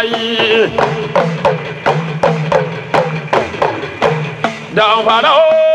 tay đâu vào đâu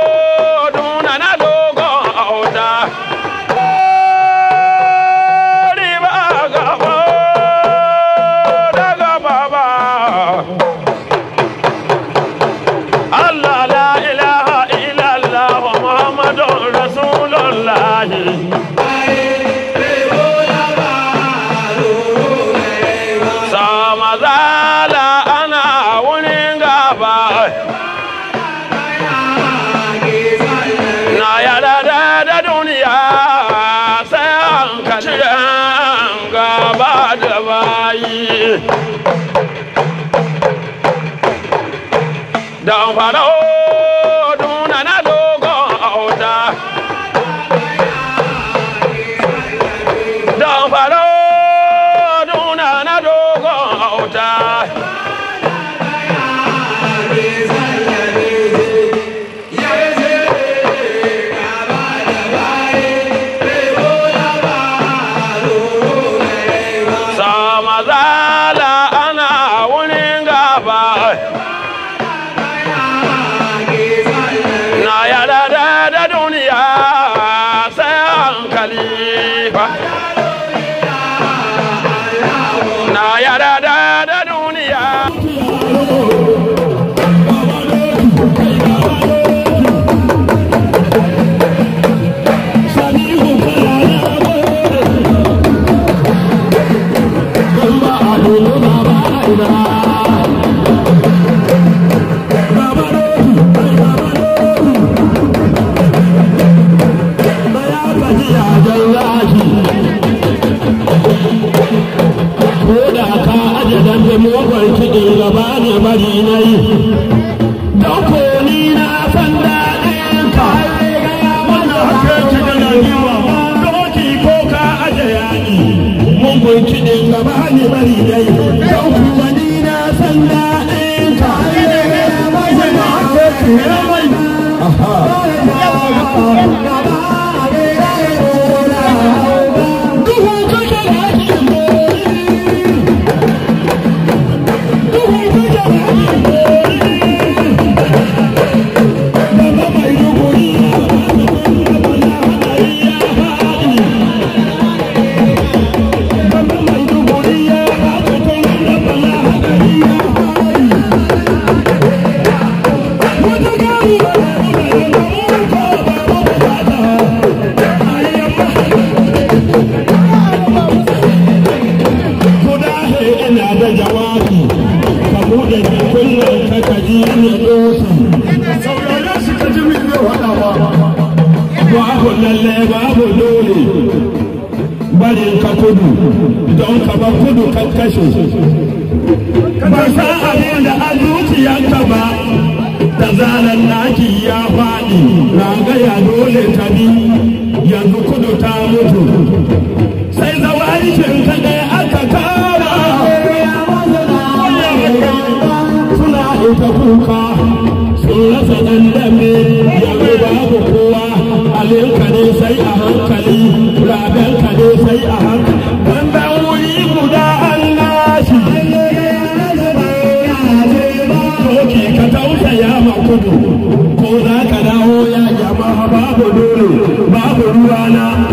Udara Bye. gudu kan kashe ba sa abin da a zuciyarka ba da zarar naki ya faɗi ragaya dole ta bi yanzu kudu ta mutu babu ruwana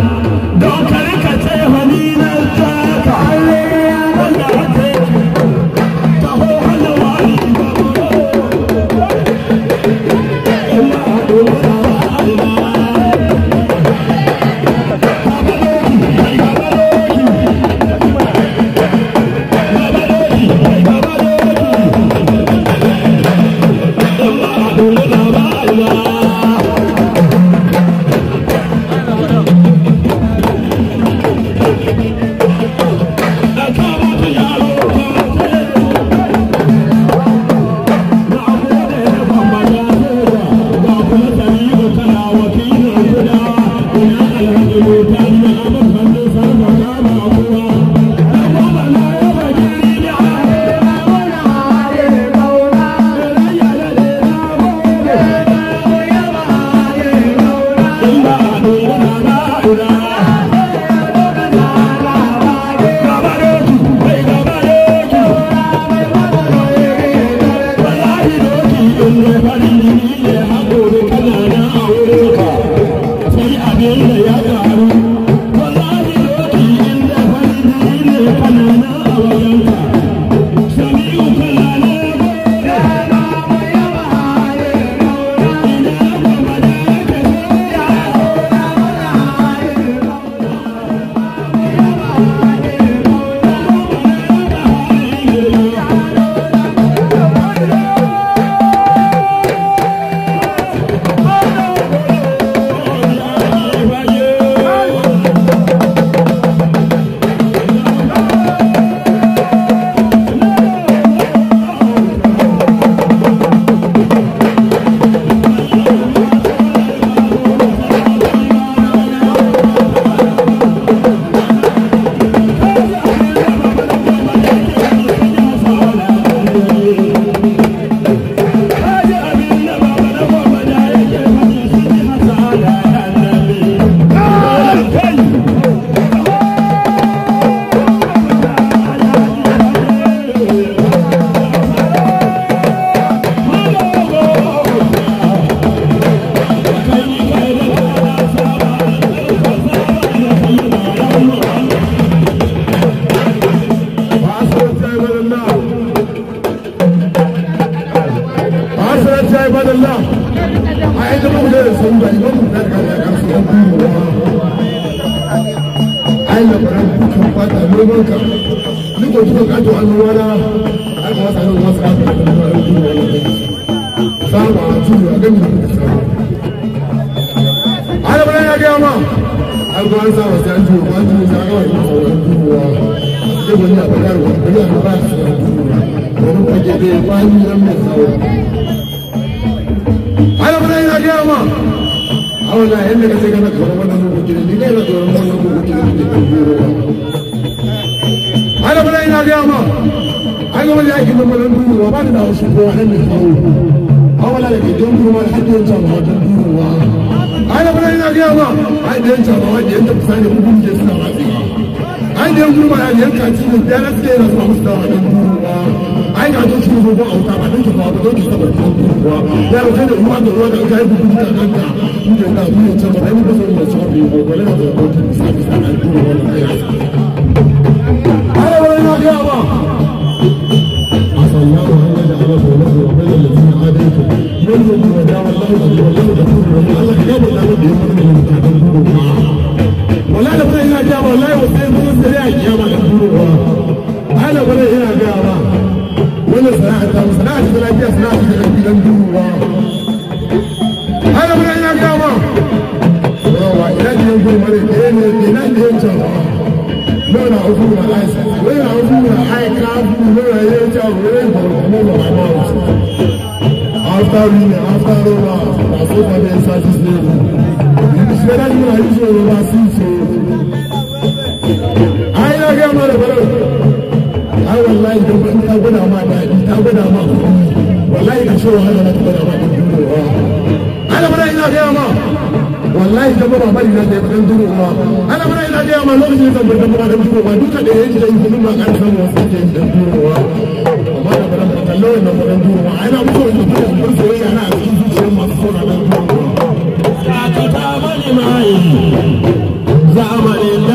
ọdún kan ní kò dúró kájọ àná wọn náà láti wọn sáré wọn sáré àti ọdún wọn lójú wọn lọ sáwọn àti ìlú agbẹ́mi ní kò sọ. ayọ̀bọ̀lẹ̀ yà kí ọmọ àgbo wọn sáwọn sí àjù wọn àjù wọn sáré wọn ìmọ̀ wọn ju wọn débò ní àbẹ̀lẹ̀ àrùn àbẹ̀lẹ̀ àrùn bá àti àjù wọn wọn kò jẹ bẹ́ẹ̀ wọn á ní ẹ̀mí ẹ̀sán ayọ̀bọ̀lẹ̀ yà kí ọmọ ಅವನ ಹೆಣ್ಣು ಕಥೆಗಳ ಗೌರವವನ್ನು ಕೊಟ್ಟಿದೆ ನಿನ್ನೆಲ್ಲ ಗೌರವವನ್ನು ಕೊಟ್ಟಿದೆ wallahi na gaya ma ai ga wanda ake zama nan duruwa ba da wasu ko nan ne kawo hawala da ke don duruwa har da yanzu ba don duruwa ai da wani na ai da yanzu ba wanda yanzu kusa ne kuma ke suna rafi ai da yanzu ba da yanzu kaci ne da rasu da rasu musu da wani duruwa ai ga don shi zo auta ba don ki ba don ki saba don duruwa ya rufe da ruwa da ruwa da ga yi bugu da kanka ni da na a ta ba ai ni ba zan ba su ba ba ne da ba ta sa ta sa na duruwa na ولا نبغى نرجع ولا يوصل after women, after Roma, and so for them satisfied. It is better you are using overseas. I don't get my brother. I would like to put a good amount of money. I would like to show how to put a money. I don't want to get da baba bari na da ma ana bara ina ga ma lokacin da ban duro ma duka da yake da yin ba ba da cikin masu zamanin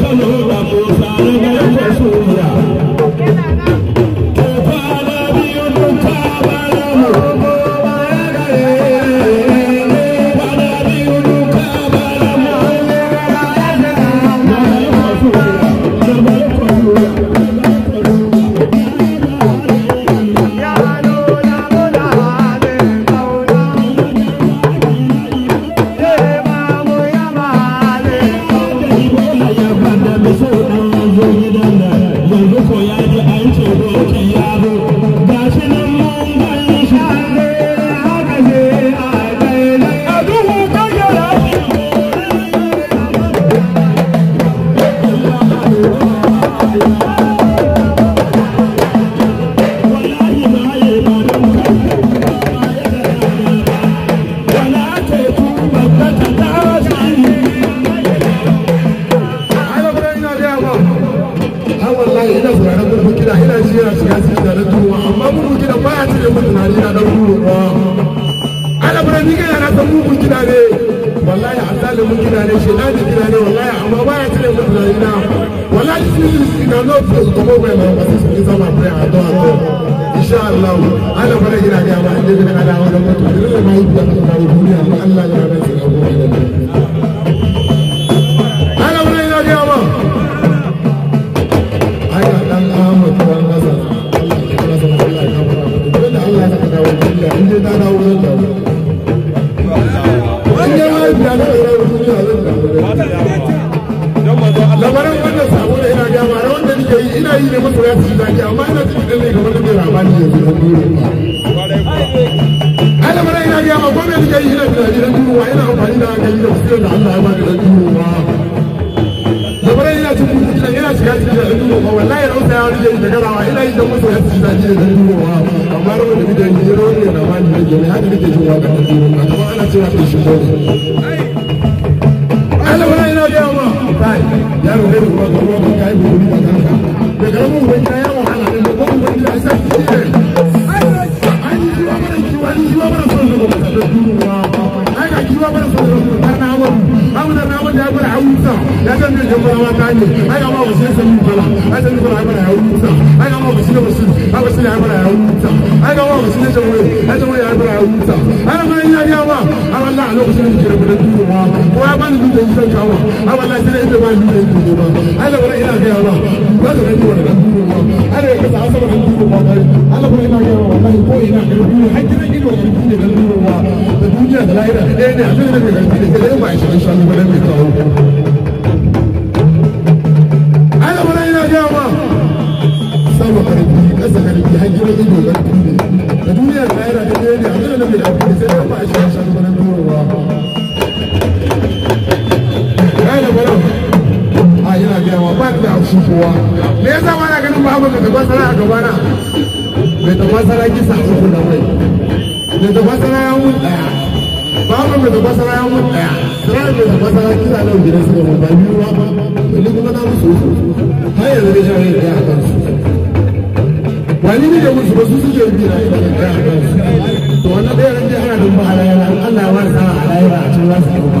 Lula, wallahi ina sauraron gurbi kida ina ji yana shiga ciki da na turuwa amma gurbi kida baya cire mu tunani na dan turuwa ana fara ni kai na san gurbi kida ne wallahi azalimin kida ne shedani kida ne wallahi amma baya cire mu tunani na wallahi this is na no place to go where my pastor is on my prayer a all insha Allah ana fara gida ga ba inda da Allah wannan mutum da mai da Allah ya rabe dan duba ba wallahi ran sai wani zai daga rawa ina yin dan a, ya ci daji da dan duba ba amma ran da bidan ji a, ne na ba ni da ne haka nake jin waka dan duba amma ana cewa ta shi dole Allah wallahi ina ga ma kai yaro ne kuma ga ruwa kai mu ni ba kanka da garin mu ban kaya yan gura mata ne ai amma ba sai san fara ai san fara ai bara ya wuta ai amma ba sai wasu ai wasu ne ai bara ya wuta ai amma ba sai san wuri ai san wuri ai bara ya wuta ai amma ina ya ma ai wallahi a lokacin da kire da duwa ma ko ya bani duwa in san kawo ai wallahi sai inda bani duwa in duwa ma ai da wani ina ga ya ma ba da duwa da duwa ma ai da kasa asaba da duwa ma Allah kuma ina ga ya ma wallahi ko ina ga duwa hakkin gido da duwa da duwa ma da duniya da lahira ɗaya ne a cikin da ga da ba shi insha Allah ba da mai kawo kowa me yasa ba na ganin babu da gaban sana a gabana mai gaban sana kisa uku da mai mai gaban sana ya mun daya babu mai gaban sana ya mun daya sana mai gaban sana kisa nan gidan su gaban ba biyu ba wani kuma na musu uku har yanzu ne shan rai daya a kansu wani ne da musu ba su suke bi na ita da daya a kansu to wannan daya ran dai ana dun ba a Allah ya ba da sana a a cikin wasu ba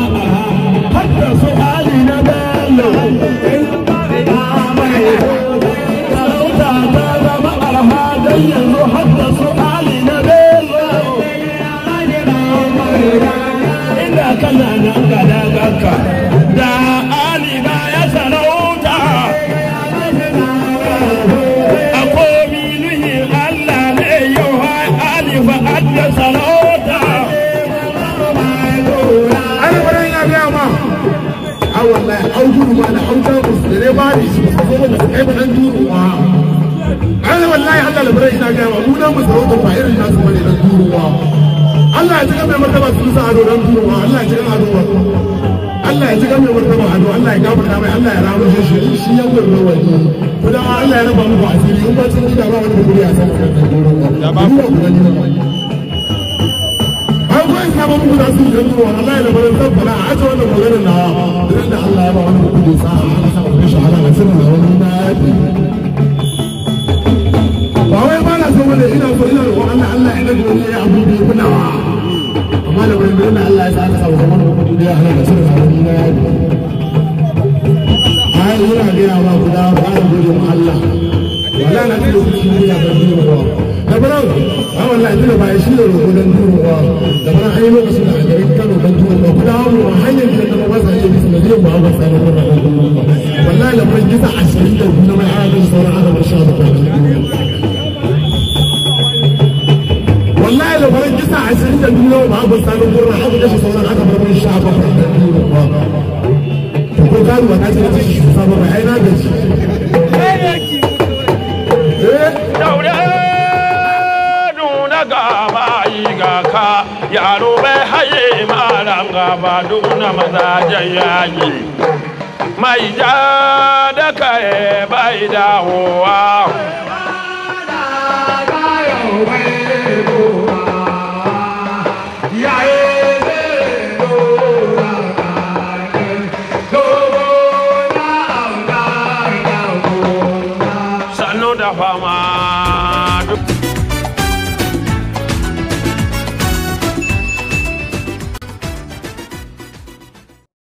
bari kai ba Allah mu ba ya martaba su Allah ya Allah ya martaba Allah ya Allah ya shi shi ya gurbe wani kuma Allah ya asiri in ba cikin gida ba wani a san ka dan ya ba ku ko da su Allah ya zan fara a da Allah ya ba wani kudu sa'a shahara wani ina so ina roƙon Allah Allah ya nake wani ya ya Allah ya sa aka samu a wani na yaƙi ai ina gaya ba ku da Allah wala ne ya ban da a wallahi tudu ba shi ne da yi a ku da hanyar ne ba ba kisa 22 bar bar na ga bai eh? ga ka yaro bai haye malam gaba duk na mazajen yaƙi mai ja da kai bai dawowa.